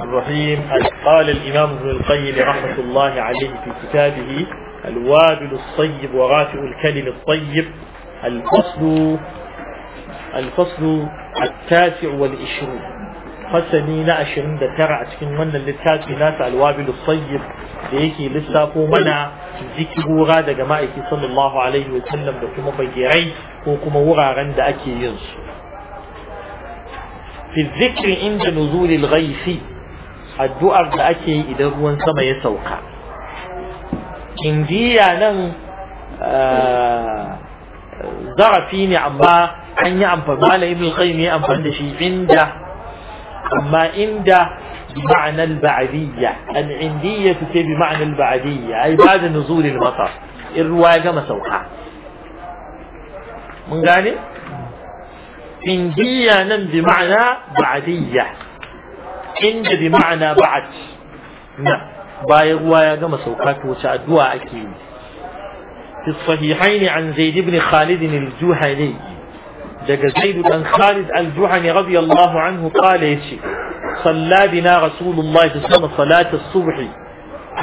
الرحيم قال الإمام ابن القيم رحمة الله عليه في كتابه الوابل الطيب ورافع الكلم الطيب الفصل الفصل التاسع والعشرون فسني لا أشرين ترى أتكن من اللي ناس الوابل الطيب ليكي لسافو منع ذكره غاد جماعتي صلى الله عليه وسلم دا بجيعي بيجيري وكما وغارن أكي ينصر في الذكر عند نزول الغيث addu'ar da ake yi idan ruwan sama ya sauka kindiya nan zarafi ne amma an yi amfani malam ibn qayyim ya amfani da shi inda amma inda بمعنى البعدية العندية تسي بمعنى البعدية أي بعد نزول المطر الرواية ما سوحا من قال عندية نم بمعنى بعدية inda bi ma'ana ba'ad na bayan ruwa ya gama sauka to wace addu'a ake yi fi sahihain an zaid ibn khalid al-juhani daga zaid ɗan khalid al-juhani radiyallahu anhu qala yace صلى بنا رسول الله صلى الله عليه وسلم صلاة الصبح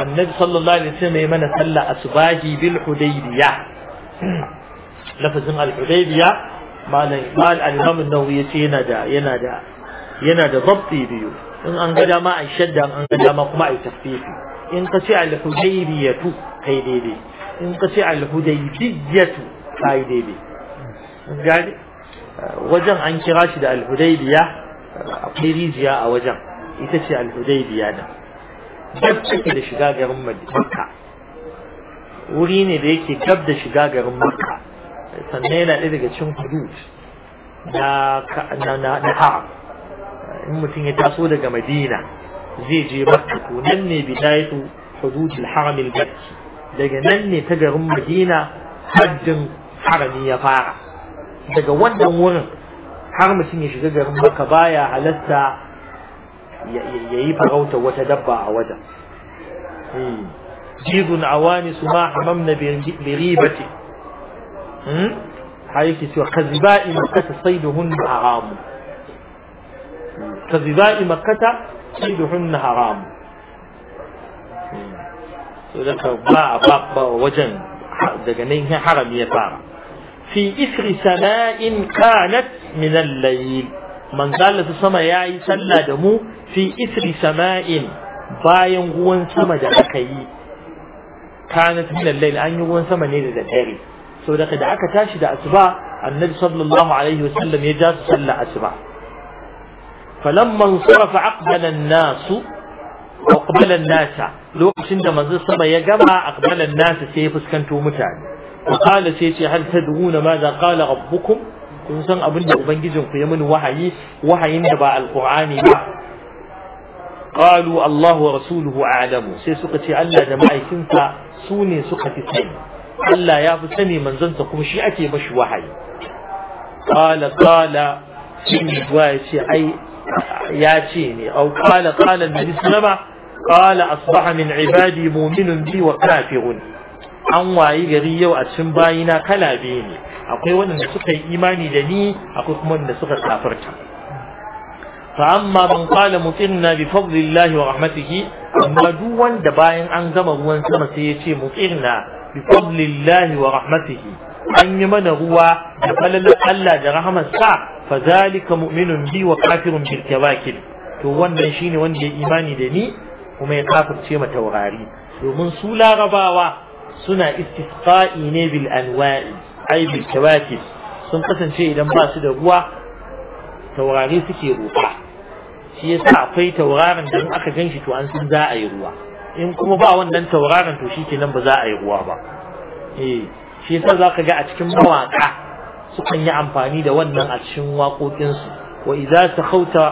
النبي صلى الله al وسلم يمنى صلى أصباحي بالحديبية لفظ الحديبية ما قال الإمام in an ga dama a shadda an ga dama kuma a tafsifi in ka ce al-hudaybiyatu kai daidai in ka ce al-hudaybiyatu kai daidai gani wajen an kira shi da al-hudaybiya akwai rijiya a wajen ita ce al-hudaybiya da gab take da shiga garin Makka wuri ne da yake gab da shiga garin Makka sannan yana ɗaya daga cikin hudud na na na in mutum ya taso daga madina zai je makka to nan ne bidayatu hudud al-haram al-makki daga nan ne ta garin madina haddin harami ya fara daga wannan wurin har mutum ya shiga garin makka baya halatta ya yi farauta wata dabba a wajen jizun awani su ma hamamna biribati har yake cewa kaziba'i makka ta saiduhun haramu كذباء مكة كيدهن حرام سيدك باء باء باء وجن دقنين حرم يفار في إثر سماء كانت من الليل من قال لتسمى يا عيسى دمو في إثر سماء باين غوان سماء دعكي كانت من الليل أن يغوان سماء نيدا دعكي سيدك دعك تاشد أسباء النبي صلى الله عليه وسلم يجاز صلى أسباب فلما انصرف أقبل الناس أقبل الناس لو عند منزل سما يجمع أقبل الناس سيفس كنتو متعني وقال سيتي هل تدرون ماذا قال ربكم kun kusan abin da ku ya muni wahayi wahayin da ba alqur'ani ba qalu allahu wa rasuluhu a'lamu sai suka ce Allah da ma'aikinsa su ne suka fi sani Allah ya fi sani manzonsa kuma shi ake mashi wahayi qala qala shi ai ya ce ne au kala qala annabi sallama qala asbaha min ibadi mu'minun bi wa kafirun an wayi gari yau a cikin bayina kala biyu ne akwai wanda suka yi imani da ni akwai kuma wanda suka safarta. fa amma man qala mutinna bi fadlillahi wa rahmatihi amma duk wanda bayan an gama ruwan sama sai ya ce mutinna bi fadlillahi wa rahmatihi an yi mana ruwa da falalar Allah da sa fazalika mu'minun bi wa kafirun bil kawakib to wannan shine wanda ya imani da ni kuma ya kafirce ma taurari domin su larabawa suna istisqa'i ne bil anwa'i ai bil kawakib sun kasance idan ba su da ruwa taurari suke roƙa shi yasa akwai taurarin da in aka ganshi to an san za a yi ruwa in kuma ba wannan taurarin to shi ba za a yi ruwa ba eh shi yasa zaka ga a cikin mawaka sukan yi amfani da wannan a cikin waƙoƙinsu wa idza takhawta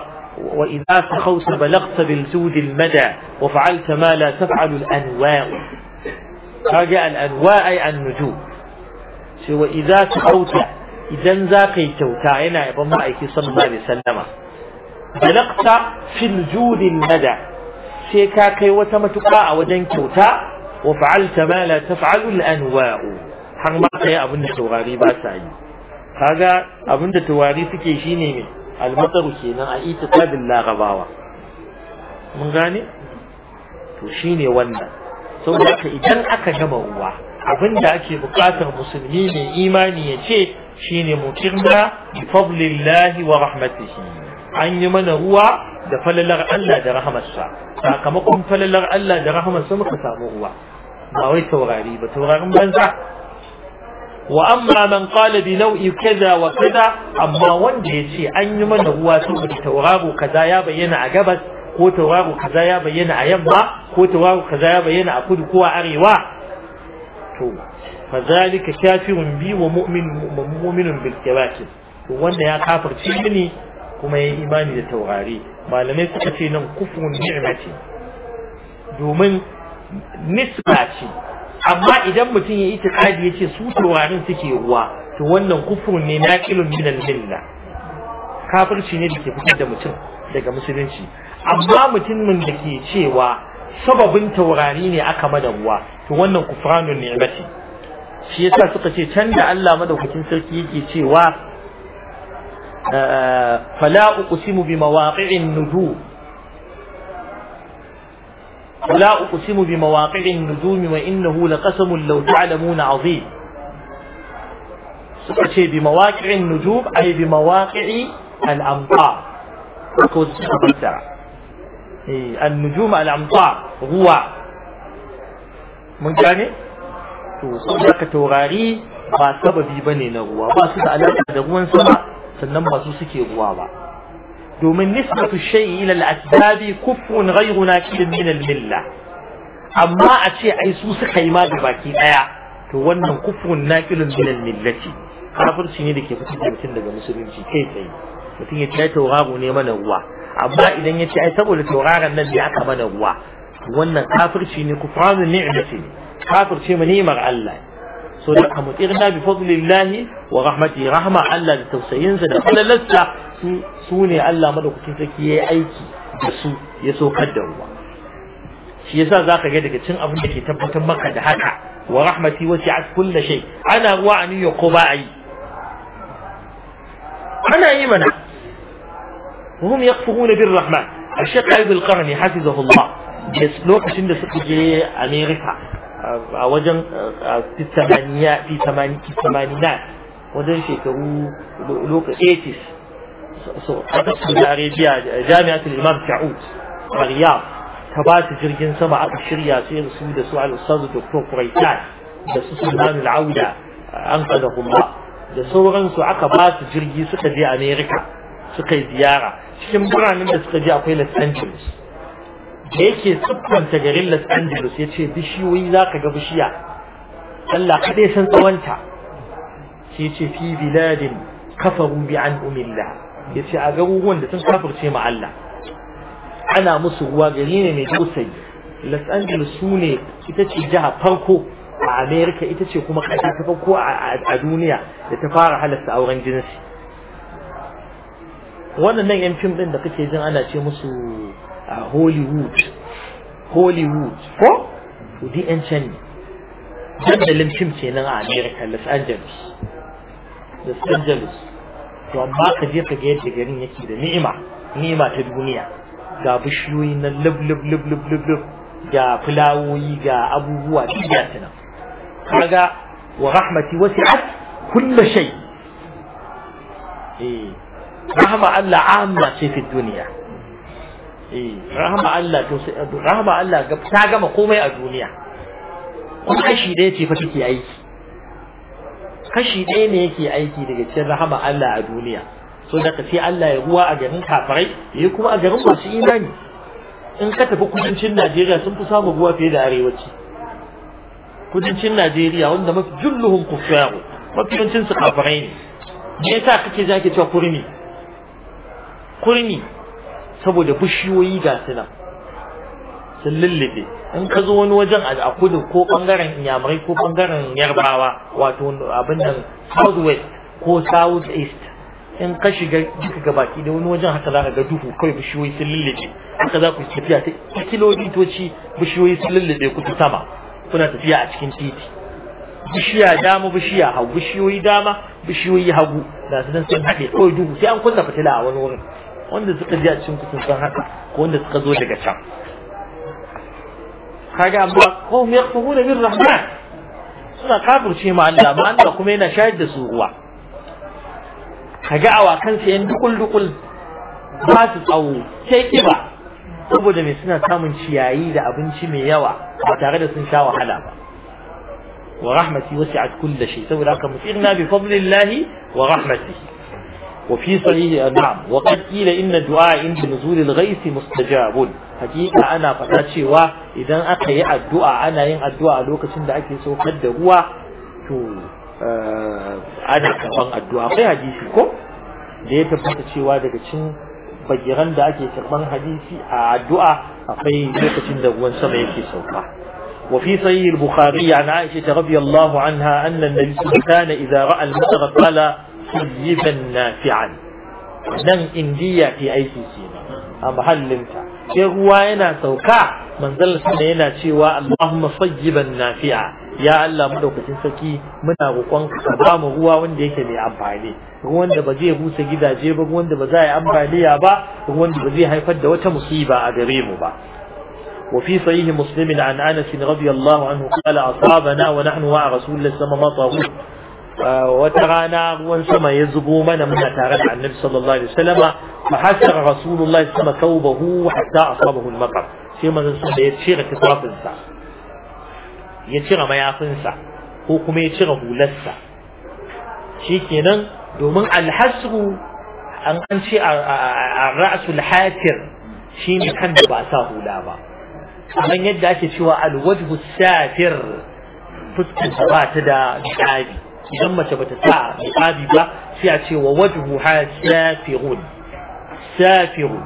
wa idza takhawta balagta bil jud al mada wa fa'alta ma la taf'alu al anwa' kaga al anwa' ay an nuju sai wa idza takhawta idan za ka yi kyauta yana yaban ma'aiki sallallahu alaihi wasallama balagta fil jud al mada sai ka kai wata matuƙa a wajen kyauta wa fa'alta ma la taf'alu al anwa' har ma kai abin da taurari ba sa yi kaga abinda tawari suke shine mai almataru kenan a itiqadin larabawa mun gane to shine wannan saboda haka idan aka gama ruwa da ake bukatar musulmi mai imani ya ce shine mutirna bi fadlillahi wa rahmatihi an yi mana ruwa da falalar Allah da rahamarsa sakamakon falalar Allah da rahamarsa muka samu ruwa ba wai taurari ba taurarin banza wa amma man qala bi nau'i kaza wa kaza amma wanda ya ce an yi mana ruwa saboda tauraro kaza ya bayyana a gabas ko tauraro kaza ya bayyana a yamma ko tauraro kaza ya bayyana a kudu ko a arewa to fa zalika kafirun bi wa mu'min mu'minun bil kawakib to wanda ya kafirce ni kuma ya yi imani da taurari malamai suka ce nan kufrun ni'mati domin nisba ce amma idan mutum ya yi tikadi ya ce su taurarin suke ruwa to wannan kufur ne na ilun minal lilla kafirci ne da ke fitar da mutum daga musulunci amma mutumin da ke cewa sababin taurari ne aka mada ruwa to wannan ne ni'mati shi yasa suka ce can da Allah madaukakin sarki yake cewa fala uqsimu bi mawaqi'in nuhu. ولا أقسم بمواقع النجوم وإنه لقسم لو تعلمون عظيم سأتي بمواقع النجوم أي بمواقع الأمطار النجوم الأمطار هو من كان to توغاري taurari ba sababi bane na ruwa ba su da alaƙa da ruwan دو من نسبة الشيء إلى الأسباب كفر غير ناشد من الملة أما أشي عيسو سخي ما دباكي أيا تو كفر كف ناكل من الملة كافر سيني دي كيف تجي بتن دي مسلم شي كي تي متين يتعي توغاب ونيما نغوا أما إذن يتعي تبو لتوغاب النبي أكما نغوا ونن كافر سيني كفران نعمة كافر سيني منيما الله سورة أمت إغنى بفضل الله ورحمته رحمة الله لتوسعين سنة فلا لسه su su ne Allah madaukakin sarki yi aiki da su ya saukar da ruwa shi yasa zaka ga daga cin abin da ke tabbatar maka da haka wa rahmati wasi'at kulli shay ana ruwa an yi ko ba ai ana yi mana hum yakfuruna bir rahman الشيخ عيد القرني حفظه الله lokacin da suka je America a wajen fi samaniya wajen shekaru 80 saudi arabia jami'atul imam sa'ud a riyadh ta ba su jirgin sama aka shirya su yin su da su al-ustaz dr da su al-auda an da sauransu aka ba su jirgi suka je Amerika suka yi ziyara cikin biranen da suka je akwai los angeles da yake siffanta garin los angeles ya ce bishiyoyi za ka ga bishiya Allah kaɗai san tsawonta sai ce fi biladin kafaru bi an umillah ya ce a garuruwan da sun kafirce ma Allah ana musu ruwa gari ne mai tausayi Los Angeles su ne ita ce jiha farko a Amerika ita ce kuma ƙasa ta farko a duniya da ta fara halasta auren jinsi waɗannan yan fim ɗin da kake jin ana ce musu a Hollywood Hollywood ko to di can ne dandalin fim kenan a Amerika Los Angeles Los Angeles to amma ka je ka ga yadda garin yake da ni'ima ni'ima ta duniya ga bishiyoyi na lub lub lub lub lub lub ga fulawoyi ga abubuwa duk ga su nan kaga wa rahmati wasi'at kullu shay eh rahma Allah amma ce fi duniya eh rahma Allah to rahma Allah ta gama komai a duniya kuma shi da yace fa take aiki kashi ɗaya ne yake aiki daga cikin rahama Allah a duniya so ka sai Allah ya ruwa a garin kafirai ya kuma a garin masu imani in ka tafi kudancin Najeriya sun fi samun ruwa fiye da arewaci kudancin Najeriya wanda mafi julluhun kufaru mafi yancin su kafirai ne me yasa kake zaki cewa kurmi kurmi saboda bishiyoyi ga su sun lullube in ka zo wani wajen a kudu ko bangaren inyamurai ko bangaren yarbawa wato abin nan south ko south in ka shiga duka ga baki da wani wajen haka za ga duhu kawai bishiyoyi sun lullube haka za ku tafiya ta toci bishiyoyi sun lullube ku ta sama kuna tafiya a cikin titi bishiya dama bishiya hagu bishiyoyi dama bishiyoyi hagu da su sun haɗe kawai duhu sai an kunna fitila a wani wurin wanda suka je a cikin kusan haka ko wanda suka zo daga can kaga amma qawm yaqtuluna rahman suna kafirce ma Allah ma Allah kuma yana shayar da su ruwa kaga awakan sa yan dukul dukul ba su tsawo sai kiba saboda me suna samun ciyayi da abinci mai yawa ba tare da sun sha wahala ba wa rahmati wasi'at kulli shay saboda haka mutirna bi fadlillahi wa rahmatihi وفي صحيح نعم وقد قيل ان دعاء عند نزول الغيث مستجاب حقيقه انا فتا cewa idan aka yi addu'a ana yin addu'a a lokacin da ake saukar da ruwa to eh, ana karban addu'a kai hadisi ko da ya tabbata cewa daga cikin bagiran da ake karɓar hadisi a addu'a akwai lokacin da ruwan sama yake sauka وفي صحيح البخاري عن عائشة رضي الله عنها su النبي izara إذا رأى المطر قال sayyiban nafi'an nan indiya ke aiki ne a mahallinta sai ruwa yana sauka manzal sana yana cewa Allahumma sayyiban nafi'a ya Allah madaukakin saki muna roƙon ka ba mu ruwa wanda yake mai amfani ruwan da ba zai busa gidaje ba ruwan da ba za a yi ba ruwan da ba zai haifar da wata musiba a gare mu ba وفي صحيح مسلم عن انس رضي الله عنه قال اصابنا ونحن مع رسول الله صلى الله عليه وسلم wata rana ruwan sama ya zubo mana muna tare da annabi sallallahu alaihi wasallama fa hasara rasulullahi sama kaubahu hatta asabahu al-maqam sai manzon sun ya cire tufafin sa ya cire mayafin sa ko kuma ya cire hular sa shikenan domin al-hasru an an ce a ra'sul hatir shine kan da ba sa hula ba kamar yadda ake cewa al-wajhu satir fuskar ba ta da shabi idan mace bata sa niqabi ba sai a ce wa wajhu ha safirun safirun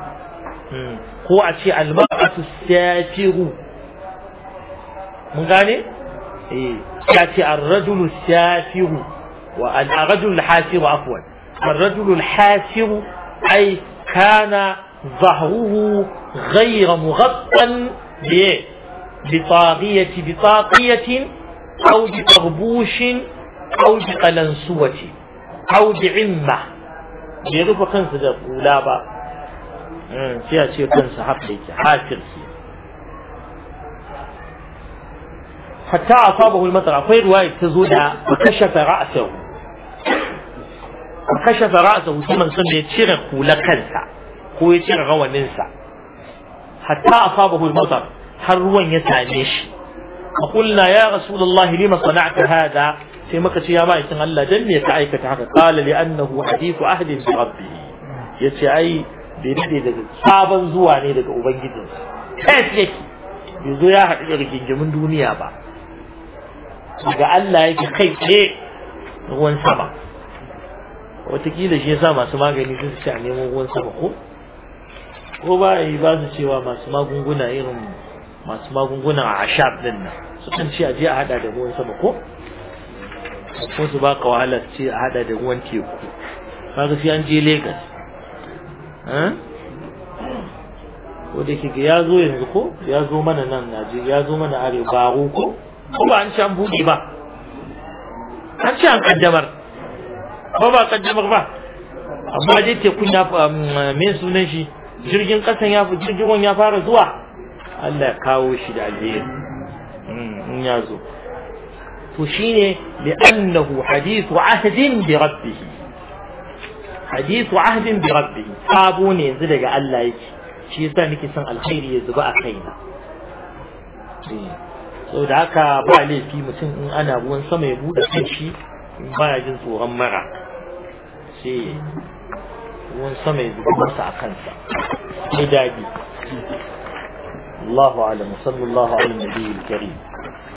ko a ce almar'atu safiru mun gane eh ya ce ar-rajulu safiru wa al-rajulu hasiru afwan ar-rajulu hasiru ay kana zahruhu ghayra mughattan bi بطاقية بطاقية أو بطربوش أو بقلن سوتي أو بعمة بيغفى كنس ذا قولابا فيها شيء كنس حقيقي حاكر شيء حتى أصابه المطر في رواية تزودا وكشف رأسه وكشف رأسه ثم سمي يتشير قولا كنسا هو يتشير غوى ننسى حتى أصابه المطر حروا يتعنيش ya فقلنا يا رسول الله لما صنعت هذا sai maka ce ya ma'aikin Allah dan me ka aikata haka qala li annahu hadithu ahli bi yace ai bai dade daga sabon zuwa ne daga ubangijin kai yake zo ya haɗu da gingimin duniya ba daga Allah yake kai ce ruwan sama watakila shi yasa masu magani sun ci a neman ruwan sama ko ko ba yi ba su cewa masu magunguna irin masu magungunan a ashab din nan sukan ce a je a haɗa da ruwan sama ko ko su baka wahala ce a hada da ruwan teku kaga sai an je Lagos eh? ko da ke ya zo yanzu ko ya zo mana nan je, ya zo mana are baro ko ko ba an ci an buɗe ba an ci an kaddamar ba ba kaddamar ba amma dai tekun ya um, me sunan shi jirgin kasan ya fi jirgin ya fara zuwa Allah ya kawo shi da aljihar hmm, in ya zo to shine li'annahu hadithu ahdin bi ahdin bi rabbih sabo ne yanzu daga Allah yake shi yasa nake son alkhairi ya zuba a kaina eh, so da haka ba laifi mutum in ana ruwan sama ya bude kanshi in baya jin tsoron mara sai ruwan zuba masa a sai sallallahu wa